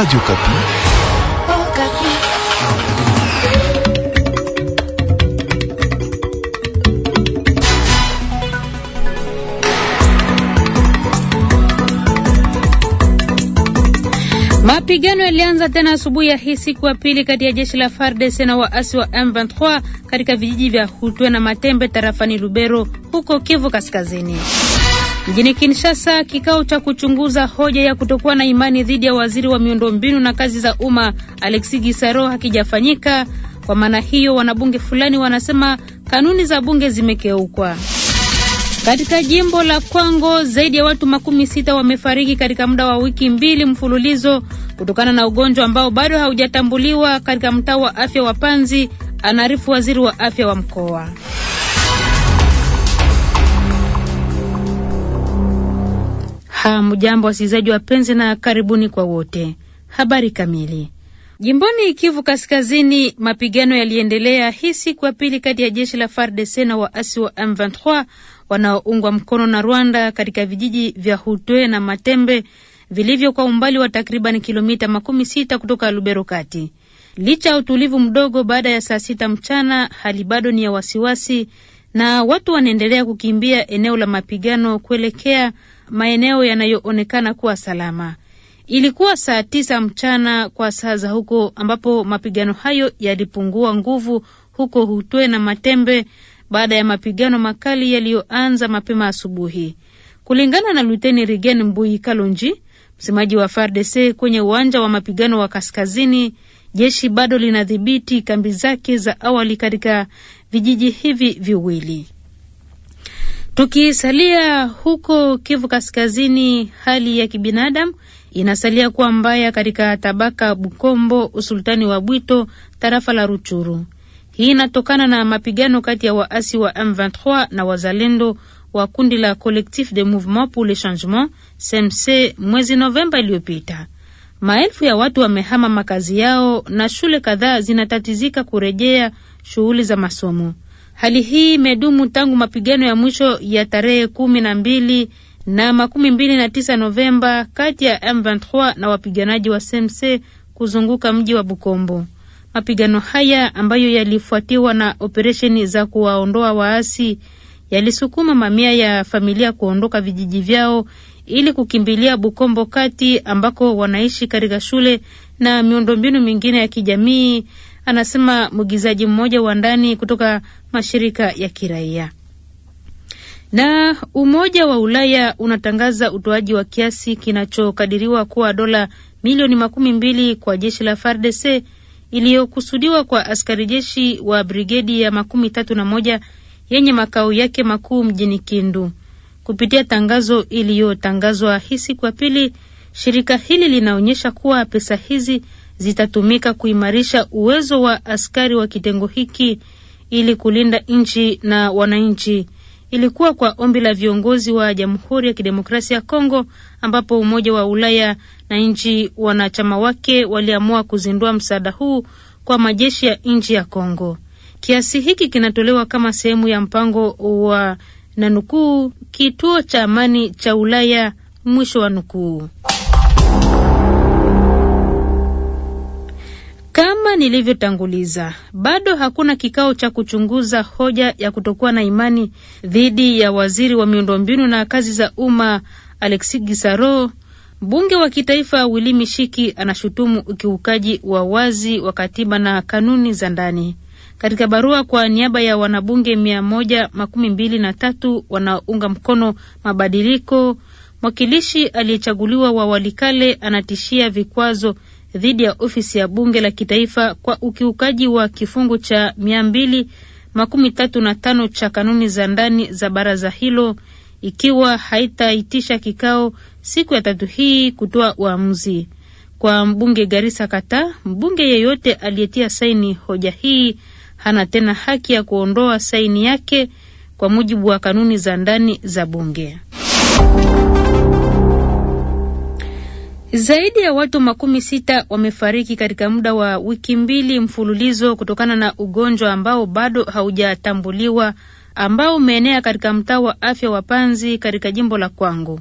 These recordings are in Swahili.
Radio Okapi. Mapigano yalianza tena asubuhi ya hii siku ya pili kati ya jeshi la FARDC na waasi wa M23 katika vijiji vya Hutwe na Matembe tarafani Lubero huko Kivu Kaskazini. Mjini Kinshasa, kikao cha kuchunguza hoja ya kutokuwa na imani dhidi ya waziri wa miundombinu na kazi za umma Alexis Gisaro hakijafanyika. Kwa maana hiyo, wanabunge fulani wanasema kanuni za bunge zimekeukwa. Katika jimbo la Kwango, zaidi ya watu makumi sita wamefariki katika muda wa wiki mbili mfululizo kutokana na ugonjwa ambao bado haujatambuliwa katika mtaa wa afya wa Panzi, anaarifu waziri wa afya wa mkoa. Hamjambo wasikilizaji wapenzi, na karibuni kwa wote. Habari kamili. Jimboni Kivu Kaskazini, mapigano yaliendelea hii siku ya pili kati ya jeshi la FARDC na waasi wa M23 wanaoungwa mkono na Rwanda katika vijiji vya Hutwe na Matembe vilivyo kwa umbali wa takriban kilomita makumi sita kutoka Lubero kati. Licha ya utulivu mdogo baada ya saa sita mchana, hali bado ni ya wasiwasi na watu wanaendelea kukimbia eneo la mapigano kuelekea maeneo yanayoonekana kuwa salama. Ilikuwa saa tisa mchana kwa saa za huko, ambapo mapigano hayo yalipungua nguvu huko Hutwe na Matembe baada ya mapigano makali yaliyoanza mapema asubuhi, kulingana na Luteni Rigen Mbui Kalonji, msemaji wa FARDC kwenye uwanja wa mapigano wa kaskazini. Jeshi bado linadhibiti kambi zake za awali katika vijiji hivi viwili. Tukisalia huko Kivu Kaskazini, hali ya kibinadamu inasalia kuwa mbaya katika tabaka Bukombo, usultani wa Bwito, tarafa la Ruchuru. Hii inatokana na mapigano kati ya waasi wa M23 na wazalendo wa kundi la Collectif de Mouvement pour le Changement CMC mwezi Novemba iliyopita. Maelfu ya watu wamehama makazi yao na shule kadhaa zinatatizika kurejea shughuli za masomo. Hali hii imedumu tangu mapigano ya mwisho ya tarehe kumi na mbili na makumi mbili na tisa Novemba kati ya M23 na wapiganaji wa SMC kuzunguka mji wa Bukombo. Mapigano haya ambayo yalifuatiwa na operesheni za kuwaondoa waasi yalisukuma mamia ya familia kuondoka vijiji vyao ili kukimbilia Bukombo kati ambako wanaishi katika shule na miundombinu mingine ya kijamii anasema mwigizaji mmoja wa ndani kutoka mashirika ya kiraia. Na Umoja wa Ulaya unatangaza utoaji wa kiasi kinachokadiriwa kuwa dola milioni makumi mbili kwa jeshi la FARDC iliyokusudiwa kwa askari jeshi wa brigedi ya makumi tatu na moja yenye makao yake makuu mjini Kindu. Kupitia tangazo iliyotangazwa hii siku ya pili, shirika hili linaonyesha kuwa pesa hizi zitatumika kuimarisha uwezo wa askari wa kitengo hiki ili kulinda nchi na wananchi. Ilikuwa kwa ombi la viongozi wa Jamhuri ya Kidemokrasia ya Kongo ambapo Umoja wa Ulaya na nchi wanachama wake waliamua kuzindua msaada huu kwa majeshi ya nchi ya Kongo. Kiasi hiki kinatolewa kama sehemu ya mpango wa nanukuu, kituo cha amani cha Ulaya, mwisho wa nukuu. Kama nilivyotanguliza, bado hakuna kikao cha kuchunguza hoja ya kutokuwa na imani dhidi ya waziri wa miundombinu na kazi za umma Alexi Gisaro. Mbunge wa kitaifa Willy Mishiki anashutumu ukiukaji wa wazi wa katiba na kanuni za ndani. Katika barua kwa niaba ya wanabunge mia moja makumi mbili na tatu wanaounga mkono mabadiliko, mwakilishi aliyechaguliwa wa Walikale anatishia vikwazo dhidi ya ofisi ya bunge la kitaifa kwa ukiukaji wa kifungu cha mia mbili makumi tatu na tano cha kanuni za ndani za baraza hilo ikiwa haitaitisha kikao siku ya tatu hii kutoa uamuzi. Kwa mbunge Garisa Kata, mbunge yeyote aliyetia saini hoja hii hana tena haki ya kuondoa saini yake kwa mujibu wa kanuni za ndani za bunge. Zaidi ya watu makumi sita wamefariki katika muda wa wiki mbili mfululizo kutokana na ugonjwa ambao bado haujatambuliwa ambao umeenea katika mtaa wa afya wa Panzi katika jimbo la Kwango.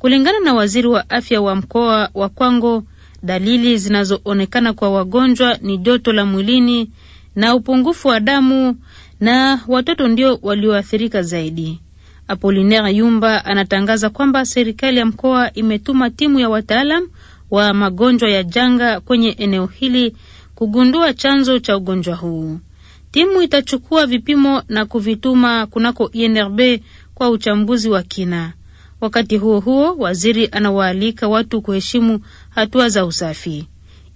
Kulingana na waziri wa afya wa mkoa wa Kwango, dalili zinazoonekana kwa wagonjwa ni joto la mwilini na upungufu wa damu, na watoto ndio walioathirika zaidi. Apolinaire Yumba anatangaza kwamba serikali ya mkoa imetuma timu ya wataalam wa magonjwa ya janga kwenye eneo hili kugundua chanzo cha ugonjwa huu. Timu itachukua vipimo na kuvituma kunako INRB kwa uchambuzi wa kina. Wakati huo huo, waziri anawaalika watu kuheshimu hatua za usafi.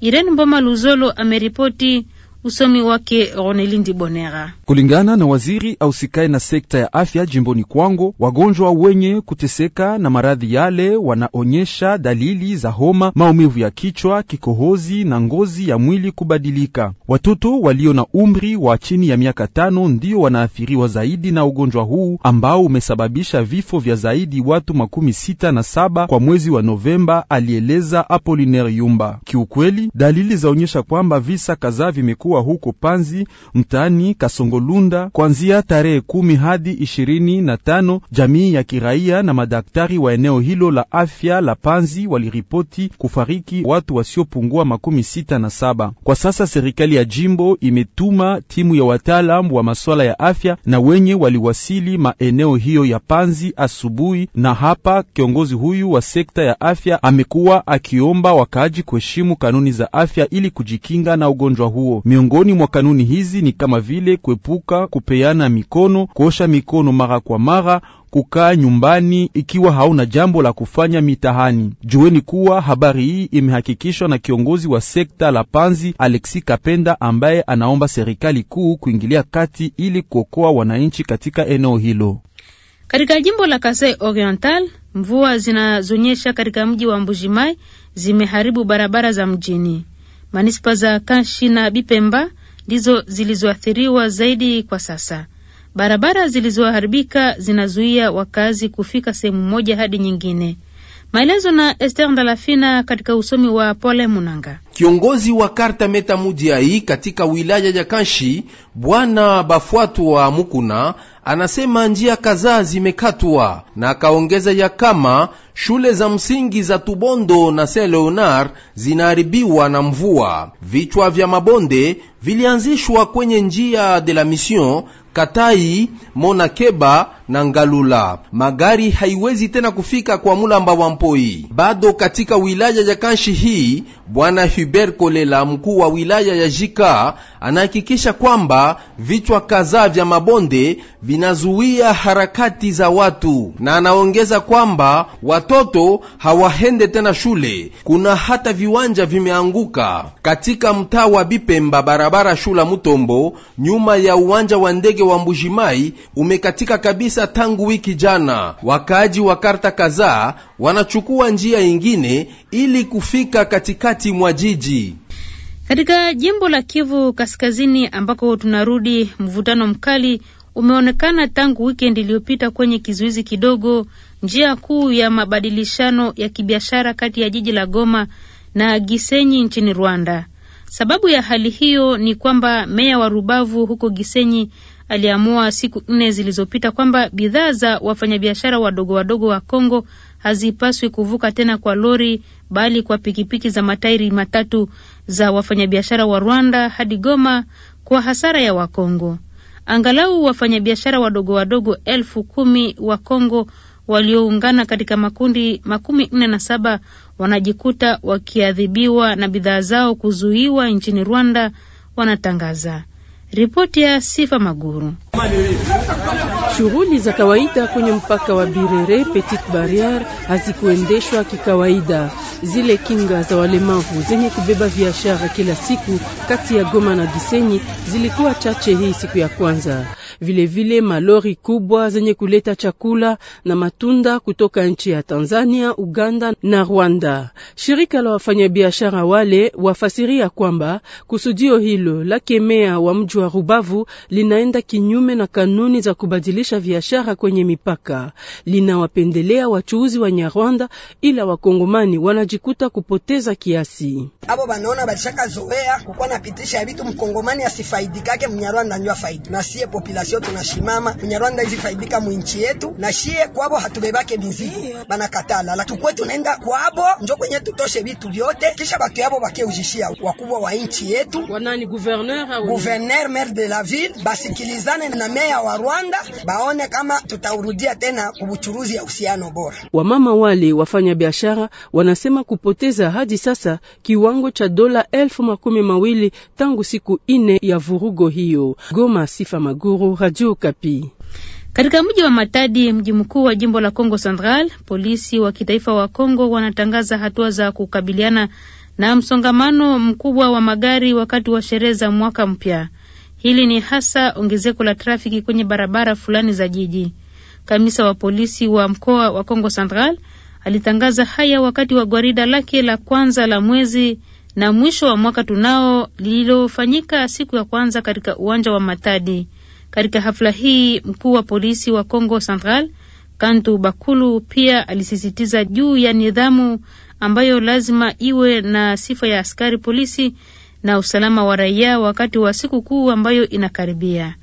Irene Mboma Luzolo ameripoti. Usomi wake Ronelindi Bonera. Kulingana na waziri ausikae na sekta ya afya jimboni Kwango, wagonjwa wenye kuteseka na maradhi yale wanaonyesha dalili za homa, maumivu ya kichwa, kikohozi na ngozi ya mwili kubadilika. Watoto walio na umri wa chini ya miaka tano ndio wanaathiriwa zaidi na ugonjwa huu ambao umesababisha vifo vya zaidi watu makumi sita na saba kwa mwezi wa Novemba, alieleza Apoliner Yumba. Kiukweli, dalili zaonyesha kwamba visa kadhaa vimekuwa kuwa huko Panzi mtaani Kasongolunda kuanzia tarehe kumi hadi ishirini na tano. Jamii ya kiraia na madaktari wa eneo hilo la afya la Panzi waliripoti kufariki watu wasiopungua makumi sita na saba. Kwa sasa serikali ya jimbo imetuma timu ya wataalam wa masuala ya afya na wenye waliwasili maeneo hiyo ya Panzi asubuhi, na hapa kiongozi huyu wa sekta ya afya amekuwa akiomba wakaaji kuheshimu kanuni za afya ili kujikinga na ugonjwa huo Mio Miongoni mwa kanuni hizi ni kama vile kuepuka kupeana mikono, kuosha mikono mara kwa mara, kukaa nyumbani ikiwa hauna jambo la kufanya mitahani. Jueni kuwa habari hii imehakikishwa na kiongozi wa sekta la Panzi Alexi Kapenda, ambaye anaomba serikali kuu kuingilia kati ili kuokoa wananchi katika eneo hilo. Katika jimbo la Kasai Oriental, mvua zinazonyesha katika mji wa Mbujimai zimeharibu barabara za mjini. Manispa za Kanshi na Bipemba ndizo zilizoathiriwa zaidi kwa sasa. Barabara zilizoharibika zinazuia wakazi kufika sehemu moja hadi nyingine. Maelezo na Esther Ndalafina katika usomi wa Pole Munanga. Kiongozi wa karta Meta Mudiai katika wilaya ya Kanshi, Bwana Bafuatu wa Mukuna, anasema njia kadhaa zimekatwa, na akaongeza ya kama shule za msingi za Tubondo na Saint Leonard zinaharibiwa na mvua. Vichwa vya mabonde vilianzishwa kwenye njia de la Mission Katai, keba na Ngalula. Magari haiwezi tena kufika kwa Mulamba wa Mpoi. Bado katika wilaya ya Kanshi hii Bwana Hubert Kolela, mkuu wa wilaya ya Jika, anahakikisha kwamba vichwa kadhaa vya mabonde vinazuia harakati za watu, na anaongeza kwamba watoto hawahende tena shule. Kuna hata viwanja vimeanguka katika mtaa wa Bipemba, barabara Shula Mutombo, nyuma ya uwanja wa ndege wa Mbujimai umekatika kabisa tangu wiki jana. Wakaaji wa karta kadhaa wanachukua njia ingine ili kufika katikati katikati mwa jiji. Katika jimbo la Kivu Kaskazini ambako tunarudi, mvutano mkali umeonekana tangu wikendi iliyopita kwenye kizuizi kidogo, njia kuu ya mabadilishano ya kibiashara kati ya jiji la Goma na Gisenyi nchini Rwanda. Sababu ya hali hiyo ni kwamba meya wa Rubavu huko Gisenyi aliamua siku nne zilizopita kwamba bidhaa za wafanyabiashara wadogo wadogo wa Kongo hazipaswi kuvuka tena kwa lori bali kwa pikipiki za matairi matatu za wafanyabiashara wa Rwanda hadi Goma kwa hasara ya Wakongo. Angalau wafanyabiashara wadogo wadogo elfu kumi wa Kongo walioungana katika makundi makumi nne na saba wanajikuta wakiadhibiwa na bidhaa zao kuzuiwa nchini Rwanda, wanatangaza. Ripoti ya Sifa Maguru. Shughuli za kawaida kwenye mpaka wa Birere Petit Barriere hazikuendeshwa kikawaida. Zile kinga za walemavu zenye kubeba biashara kila siku kati ya Goma na Gisenyi zilikuwa chache hii siku ya kwanza vilevile vile malori kubwa zenye kuleta chakula na matunda kutoka nchi ya Tanzania, Uganda na Rwanda. Shirika la wafanyabiashara wale wafasiria kwamba kusudio hilo la kemea wa mji wa Rubavu linaenda kinyume na kanuni za kubadilisha biashara kwenye mipaka, linawapendelea wachuuzi wa Nyarwanda, ila wakongomani wanajikuta kupoteza kiasi. Abo banaona balishakazoea kukuwa napitisha vitu, mkongomani asifaidikake, mnyarwanda ndio afaidi na sie population sio kwenye Rwanda hizi faidika mwinchi yetu, na shie kwabo hatubebake mizigo, katala la tukwe tunaenda kwabo, njo kwenye tutoshe vitu vyote, kisha batu yabo ujishia wakubwa wa nchi yetu wanani gouverneur au gouverneur maire de la ville, basikilizane na meya wa Rwanda baone kama tutaurudia tena kubuchuruzi ya uhusiano bora. Wamama wale wafanya biashara wanasema kupoteza hadi sasa kiwango cha dola elfu makumi mawili tangu siku ine ya vurugo hiyo. Goma, Sifa Maguru Radio Kapi. Katika mji wa Matadi, mji mkuu wa jimbo la congo Central, polisi wa kitaifa wa congo wanatangaza hatua za kukabiliana na msongamano mkubwa wa magari wakati wa sherehe za mwaka mpya. Hili ni hasa ongezeko la trafiki kwenye barabara fulani za jiji. Kamisa wa polisi wa mkoa wa congo Central alitangaza haya wakati wa gwarida lake la kwanza la mwezi na mwisho wa mwaka tunao lililofanyika siku ya kwanza katika uwanja wa Matadi. Katika hafla hii mkuu wa polisi wa Congo Central Kantu Bakulu pia alisisitiza juu ya nidhamu ambayo lazima iwe na sifa ya askari polisi na usalama wa raia wakati wa sikukuu ambayo inakaribia.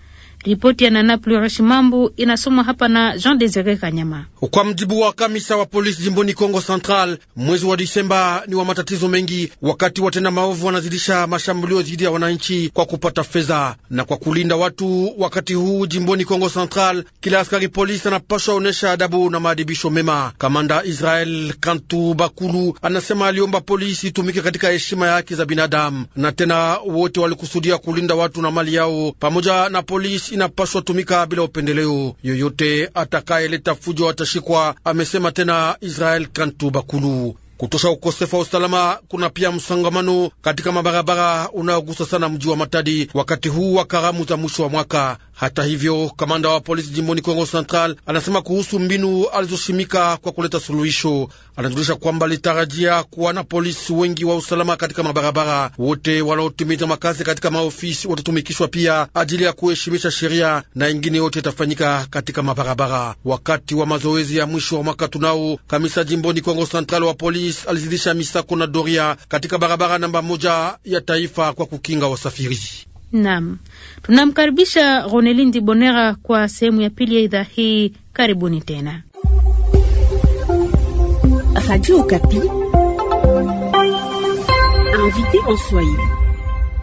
Ripoti ya Nana Plurish Mambu inasomwa hapa na Jean Desire Kanyama. Kwa mjibu wa kamisa wa polisi jimboni Kongo Central, mwezi wa Disemba ni wa matatizo mengi, wakati watenda maovu wanazidisha mashambulio dhidi ya wananchi kwa kupata fedha na kwa kulinda watu. Wakati huu jimboni Kongo Central, kila askari polisi anapashwa onesha adabu na maadibisho mema. Kamanda Israel Kantu Bakulu anasema aliomba polisi itumike katika heshima ya haki za binadamu, na tena wote walikusudia kulinda watu na mali yao pamoja na polisi inapaswa tumika bila upendeleo yoyote. Atakayeleta fujo atashikwa, amesema tena Israel Kantu Bakulu kutosha ukosefu wa usalama. Kuna pia msongamano katika mabarabara unaogusa sana mji wa Matadi wakati huu wa karamu za mwisho wa mwaka. Hata hivyo, kamanda wa polisi jimboni Kongo Central anasema kuhusu mbinu alizoshimika kwa kuleta suluhisho. Anajulisha kwamba alitarajia kuwa na polisi wengi wa usalama katika mabarabara. Wote wanaotimiza makazi katika maofisi watatumikishwa pia ajili ya kuheshimisha sheria, na ingine yote itafanyika katika mabarabara. Wakati wa mazoezi ya mwisho wa mwaka tunao kamisa jimboni Kongo Central wa polisi alizidisha misako na doria katika barabara namba moja ya taifa kwa kukinga wasafiri. Naam, tunamkaribisha Ronelindi Bonera kwa sehemu ya pili ya idhaa hii. Karibuni tena.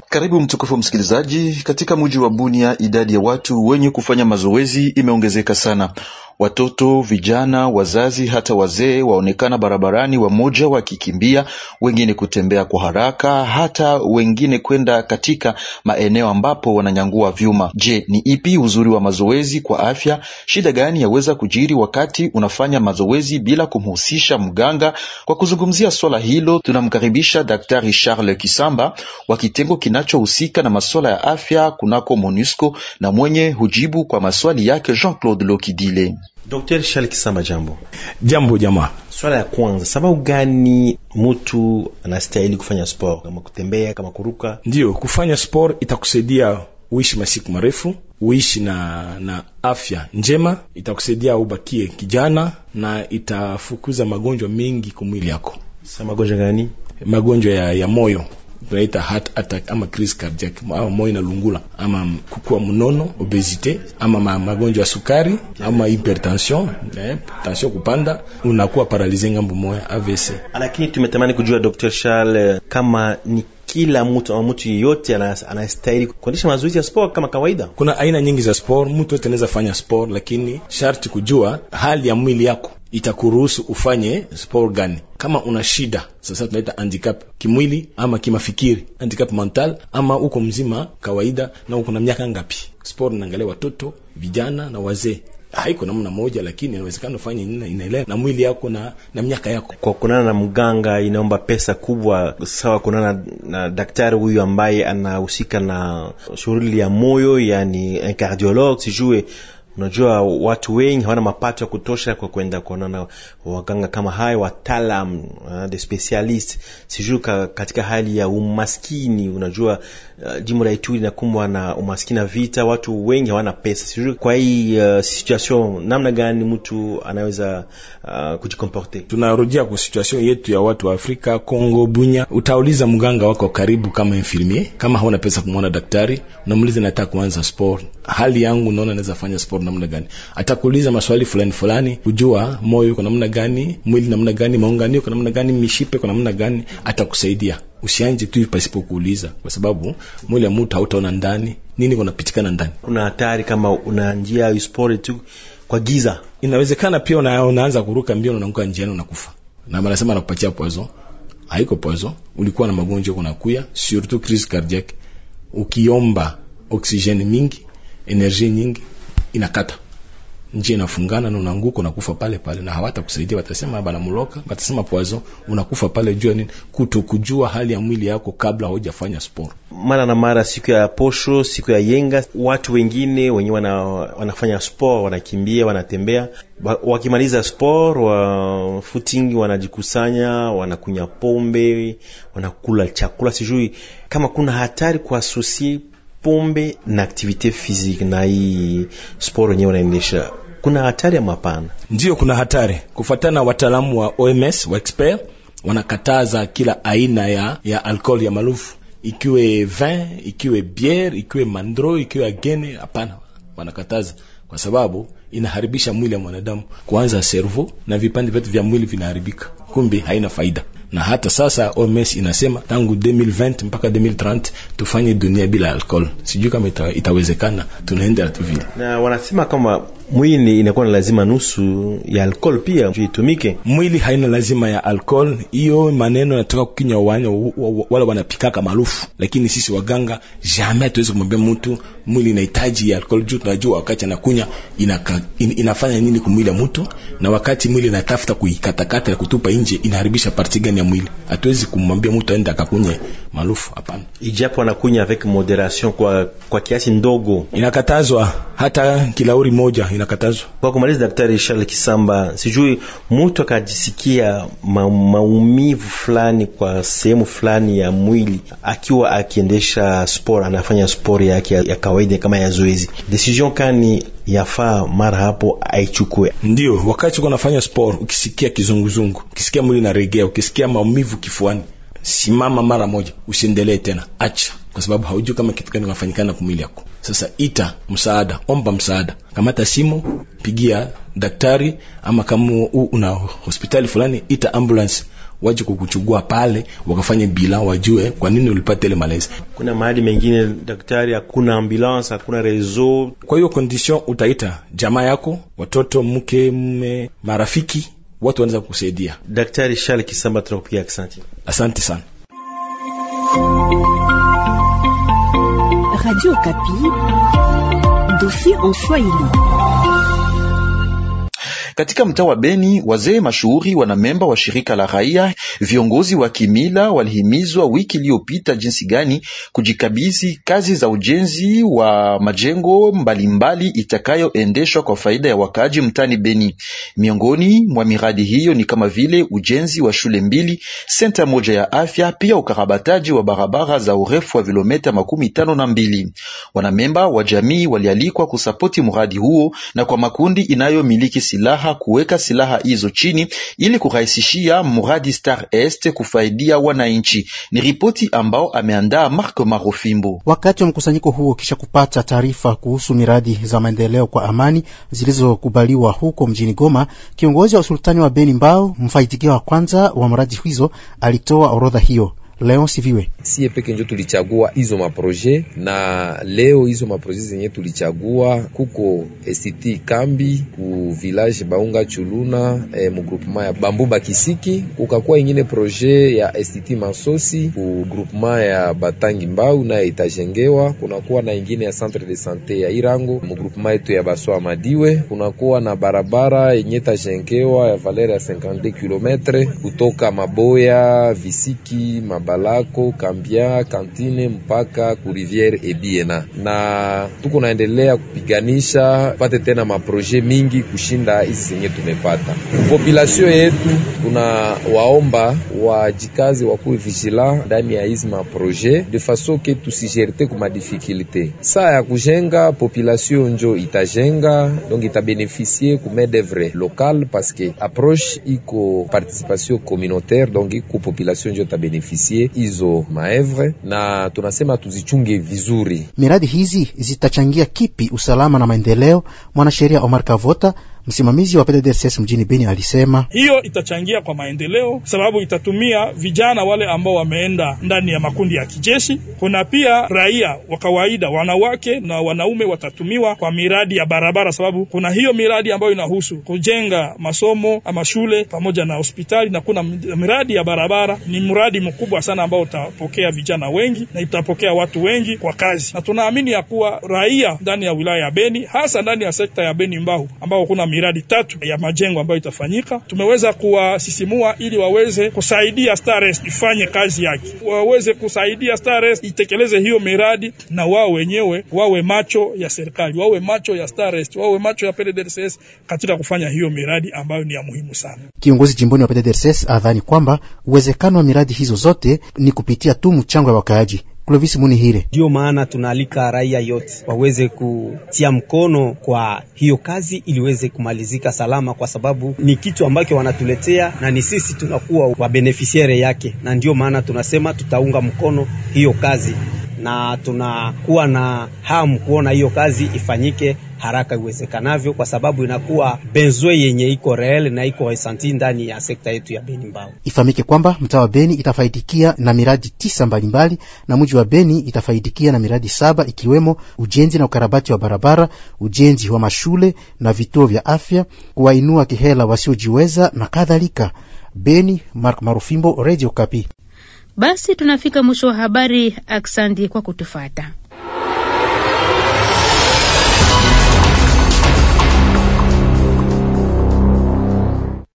Karibu mtukufu msikilizaji. Katika mji wa Bunia, idadi ya watu wenye kufanya mazoezi imeongezeka sana. Watoto, vijana, wazazi hata wazee waonekana barabarani, wamoja wakikimbia, wengine kutembea kwa haraka, hata wengine kwenda katika maeneo ambapo wananyangua vyuma. Je, ni ipi uzuri wa mazoezi kwa afya? Shida gani yaweza kujiri wakati unafanya mazoezi bila kumhusisha mganga? Kwa kuzungumzia swala hilo, tunamkaribisha Daktari Charles Kisamba wa kitengo kinachohusika na masuala ya afya kunako MONUSCO na mwenye hujibu kwa maswali yake Jean-Claude Lokidile. Dr. Shal Kisamba, jambo. Jambo jamaa. Swala ya kwanza, sababu gani mtu anastahili kufanya sport kama kutembea, kama kuruka? Ndio, kufanya sport itakusaidia uishi masiku marefu, uishi na, na afya njema, itakusaidia ubakie kijana na itafukuza magonjwa mengi kwa mwili yako. Sasa magonjwa gani? Magonjwa ya, ya moyo tunaita heart attack ama crise cardiaque ama moyo inalungula ama kukua mnono obesite ama magonjwa ya sukari ama hypertension eh, tension kupanda, unakuwa paralize ngambo moya AVC. Lakini tumetamani kujua Dr. Charles, kama ni kila mtu ama mtu yeyote anastahili kuendesha mazoezi ya sport kama kawaida. Kuna aina nyingi za sport, mtu yote anaweza fanya sport, lakini sharti kujua hali ya mwili yako itakuruhusu ufanye sport gani. Kama una shida sasa, tunaita handicap kimwili ama kimafikiri, handicap mental, ama uko mzima kawaida na uko na miaka ngapi. Sport naangalia watoto, vijana na wazee haiko namna moja, lakini inawezekana ufanye inaelewa na mwili yako na, na miaka yako. Kwa kunana na mganga inaomba pesa kubwa sawa, kunana na daktari huyu ambaye anahusika na shughuli ya moyo, yani cardiologue, sijue unajua watu wengi hawana mapato ya kutosha kwa kwenda kuonana waganga kama hayo wataalam uh, eh, de specialist sijuu katika hali ya umaskini unajua Uh, jimbo la Ituri linakumbwa na umaskini na vita, watu wengi hawana pesa. Sijui kwa hii uh, situation namna gani mtu anaweza uh, kujikomporte. Tunarudia kwa situation yetu ya watu wa Afrika, Kongo, Bunya, utauliza mganga wako karibu kama infirmier, kama hauna pesa kumwona daktari, unamuuliza nataka kuanza sport, hali yangu naona naweza fanya sport namna gani, atakuuliza maswali fulani fulani, kujua moyo uko namna gani, mwili namna gani, maunganio kwa namna gani, mishipe kwa namna gani, atakusaidia usianje tu pasipo kuuliza, kwa sababu mwili ya mtu hautaona ndani nini kunapitikana ndani. Kuna hatari kama una njia uspore tu kwa giza, inawezekana pia una, unaanza kuruka mbio na unaanguka njiani unakufa, na mara sema anakupatia poison, haiko poison, ulikuwa na magonjwa kuna kuya surtout crise cardiaque, ukiomba oksijeni mingi, energie nyingi inakata njia inafungana na unaanguka kufa pale pale, na hawata kusaidia, watasema, bana muloka, watasema poison, unakufa pale juu nini, kutokujua hali ya mwili yako kabla hujafanya sport. Mara na mara, siku ya posho, siku ya yenga, watu wengine wenye wana, wanafanya sport, wanakimbia, wanatembea, wakimaliza sport wa footing, wanajikusanya, wanakunya pombe, wanakula chakula, sijui kama kuna hatari kwa susi pombe na activite physique na hii sport yenyewe wanaendesha kuna hatari ama hapana? Ndiyo, kuna hatari. Kufuatana na wataalamu wa OMS wa expert, wanakataza kila aina ya, ya alkohol ya marufu, ikiwe vin, ikiwe biere, ikiwe mandro, ikiwe agene. Hapana, wanakataza kwa sababu inaharibisha mwili ya mwanadamu, kuanza servo na vipande vyote vya mwili vinaharibika, kumbe haina faida. Na hata sasa OMS inasema tangu 2020 mpaka 2030 tufanye dunia bila alcohol. Sijui kama ita, itawezekana, tunaenda tu vile. Na wanasema kama mwili inakuwa na lazima nusu ya alcohol pia itumike, mwili haina lazima ya alcohol. Hiyo maneno yanatoka kukinywa wanya wala wanapikaka maarufu, lakini sisi waganga jamais hatuwezi kumwambia mtu mwili inahitaji ya alcohol, juu tunajua wakati anakunya inaka, in, inafanya nini kumwili mtu, na wakati mwili inatafuta kuikatakata ya kutupa nje inaharibisha parti gani ya mwili. Hatuwezi kumwambia mtu aende akakunye maarufu, hapana, ijapo wanakunya avec moderation kwa, kwa kiasi ndogo inakatazwa, hata kilauri moja inakatazwa. Kwa kumaliza, Daktari Richard Kisamba, sijui mtu akajisikia ma, maumivu fulani kwa sehemu fulani ya mwili akiwa akiendesha sport, anafanya sport yake ya, ya kawaida kama ya zoezi, decision kani yafaa mara hapo aichukue? Ndio wakati uko nafanya sport, ukisikia kizunguzungu, ukisikia mwili na regea, ukisikia maumivu kifuani simama mara moja, usiendelee tena, acha, kwa sababu haujui kama kitu gani kinafanyikana kwa mwili yako. Sasa ita msaada, omba msaada, kamata simu, pigia daktari, ama kama una hospitali fulani, ita ambulance waje kukuchugua pale, wakafanye bila wajue kwa nini ulipata ile malaria. Kuna mahali mengine daktari hakuna ambulance, hakuna rezo. Kwa hiyo condition utaita jamaa yako, watoto, mke, mme, marafiki watu wanaweza kukusaidia. Daktari Shali Kisamba, tunakupigia asante, asante sana. Radio Kapi, dossier en Swahili. Katika mtaa wa Beni, wazee mashuhuri, wanamemba wa shirika la raia, viongozi wa kimila walihimizwa wiki iliyopita jinsi gani kujikabidhi kazi za ujenzi wa majengo mbalimbali itakayoendeshwa kwa faida ya wakaaji mtaani Beni. Miongoni mwa miradi hiyo ni kama vile ujenzi wa shule mbili, senta moja ya afya, pia ukarabataji wa barabara za urefu wa vilometa makumi tano na mbili. Wanamemba wa jamii walialikwa kusapoti mradi huo na kwa makundi inayomiliki silaha silaha kuweka silaha hizo chini ili kurahisishia mradi Star Est kufaidia wananchi. Ni ripoti ambao ameandaa Marco Marofimbo wakati wa mkusanyiko huo, kisha kupata taarifa kuhusu miradi za maendeleo kwa amani zilizokubaliwa huko mjini Goma. Kiongozi wa usultani wa Beni Mbao, mfaitikio wa kwanza wa mradi hizo, alitoa orodha hiyo si Siviwe. Sie peke njo tulichagua hizo maproje, na leo hizo maproje zenye tulichagua kuko st kambi ku village Baunga Chuluna e, eh, mugroupement ya Bambuba Kisiki, kukakuwa ingine proje ya st Masosi ku groupement ya Batangi Mbau naye itajengewa. Kunakuwa na ingine ya centre de sante ya Irango mugroupement yetu ya Baswa Madiwe. Kunakuwa na barabara yenye tajengewa ya valere ya 52 km kutoka Maboya Visiki Maboya Balako, Kambia, Kantine mpaka ku riviere Ebiena, na tuko naendelea kupiganisha pate tena maproje mingi kushinda hizi zenye tumepata. Population yetu tuna waomba wajikazi wakuwe vigilant ndani ya hizi maproje de faso ke tusijerite kuma difikulite. Saa ya kujenga population njo itajenga donc itabenefisie ku main d'oeuvre lokal parce que approche iko participation communautaire donc iko population njo itabenefisie kuafikie hizo maevre, na tunasema tuzichunge vizuri. Miradi hizi zitachangia kipi usalama na maendeleo? Mwanasheria Omar Kavota Msimamizi wa PDDRCS mjini Beni alisema hiyo itachangia kwa maendeleo, sababu itatumia vijana wale ambao wameenda ndani ya makundi ya kijeshi. Kuna pia raia wa kawaida, wanawake na wanaume watatumiwa kwa miradi ya barabara, sababu kuna hiyo miradi ambayo inahusu kujenga masomo ama shule pamoja na hospitali, na kuna miradi ya barabara. Ni mradi mkubwa sana ambao utapokea vijana wengi na itapokea watu wengi kwa kazi, na tunaamini ya kuwa raia ndani ya wilaya ya Beni, hasa ndani ya sekta ya Beni Mbahu ambao kuna miradi tatu ya majengo ambayo itafanyika. Tumeweza kuwasisimua ili waweze kusaidia Stares ifanye kazi yake, waweze kusaidia Stares itekeleze hiyo miradi, na wao wenyewe wawe macho ya serikali, wawe macho ya Stares, wawe macho ya PDDRCS katika kufanya hiyo miradi ambayo ni ya muhimu sana. Kiongozi jimboni wa PDDRCS adhani kwamba uwezekano wa miradi hizo zote ni kupitia tu mchango wa wakaaji. Clovis Munihire. Ndiyo maana tunaalika raia yote waweze kutia mkono kwa hiyo kazi iliweze kumalizika salama, kwa sababu ni kitu ambacho wanatuletea na ni sisi tunakuwa wabenefisiare yake, na ndiyo maana tunasema tutaunga mkono hiyo kazi na tunakuwa na hamu kuona hiyo kazi ifanyike haraka iwezekanavyo, kwa sababu inakuwa benzoe yenye iko reel na iko esanti ndani ya sekta yetu ya Beni mbao Ifahamike kwamba mtaa wa Beni itafaidikia na miradi tisa mbalimbali na mji wa Beni itafaidikia na miradi saba ikiwemo ujenzi na ukarabati wa barabara, ujenzi wa mashule na vituo vya afya, kuwainua kihela wasiojiweza na kadhalika. Beni, Mark Marufimbo, Radio Kapi. Basi tunafika mwisho wa habari. Aksandi kwa kutufata.